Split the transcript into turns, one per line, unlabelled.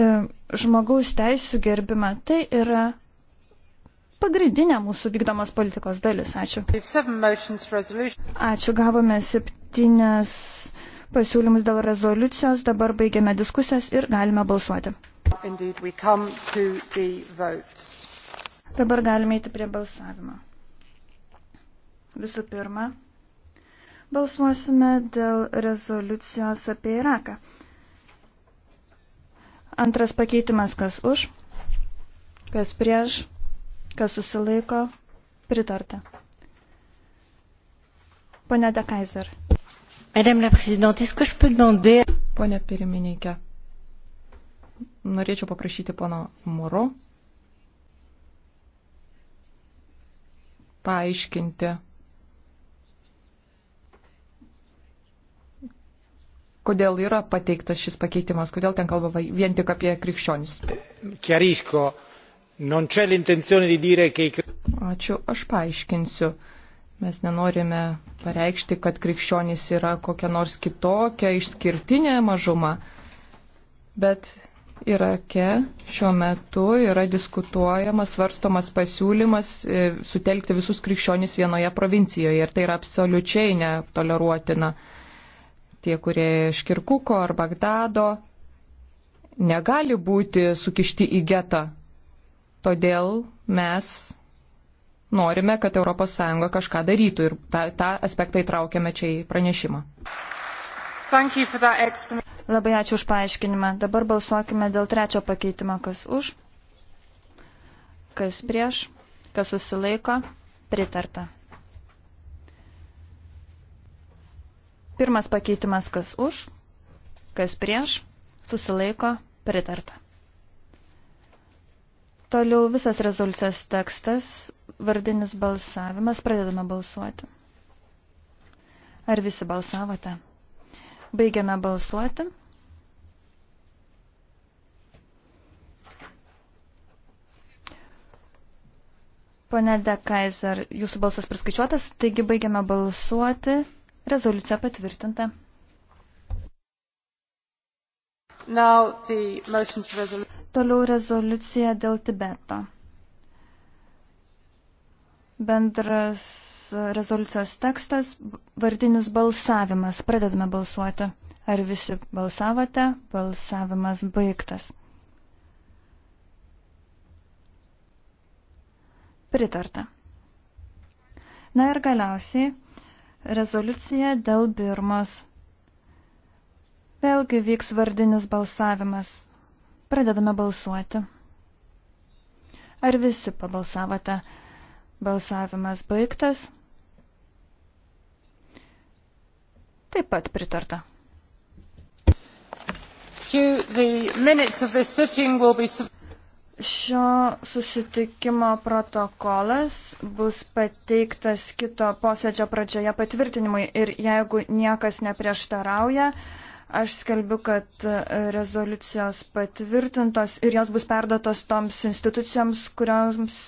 E, žmogaus teisų gerbimą. Tai yra pagrindinė mūsų vykdomos politikos dalis. Ačiū. Ačiū, gavome septynias pasiūlymus dėl rezoliucijos, dabar baigiame diskusijas ir galime balsuoti. Indeed, dabar galime eiti prie balsavimo.
Visų pirma,
balsuosime dėl rezoliucijos apie Iraką. Antras pakeitimas, kas už, kas prieš, kas susilaiko, pritarta. Pone De Kaiser.
Madame la Présidente, est-ce que je peux demander... Pone pirmininkė, norėčiau paprašyti pono Muro paaiškinti kodėl yra pateiktas šis pakeitimas, kodėl ten kalbama vien tik apie krikščionis. Ačiū, aš paaiškinsiu. Mes nenorime pareikšti, kad krikščionys yra kokia nors kitokia, išskirtinė mažuma. Bet Irake šiuo metu yra diskutuojamas, svarstomas pasiūlymas e, sutelkti visus krikščionis vienoje provincijoje ir tai yra absoliučiai netoleruotina tie, kurie iš Kirkuko ar Bagdado, negali būti sukišti į getą. Todėl mes norime, kad ES kažką darytų ir tą, tą aspektą įtraukėme čia į pranešimą.
Labai ačiū už paaiškinimą. Dabar balsuokime dėl trečio pakeitimo, kas už, kas prieš, kas susilaiko, pritarta. Pirmas pakeitimas, kas už, kas prieš, susilaiko, pritarta. Toliau visas rezoliucijos tekstas, vardinis balsavimas, pradedame balsuoti. Ar visi balsavote? Baigiame balsuoti. Pane De Kaiser, jūsų balsas priskaičiuotas, taigi baigiame balsuoti. Rezoliucija patvirtinta. Toliau rezoliucija dėl Tibeto. Bendras rezoliucijos tekstas, vardinis balsavimas. Pradedame balsuoti. Ar visi balsavote? Balsavimas baigtas. Pritarta. Na ir galiausiai rezoliucija dėl Birmos. Vėlgi vyks vardinis balsavimas. Pradedame balsuoti. Ar visi pabalsavote? Balsavimas baigtas. Taip pat pritarta. The minutes of this sitting will be Šio susitikimo protokolas bus pateiktas kito posėdžio pradžioje patvirtinimui ir jeigu niekas neprieštarauja, aš skelbiu, kad rezoliucijos patvirtintos ir jos bus perdotos toms institucijoms, kurioms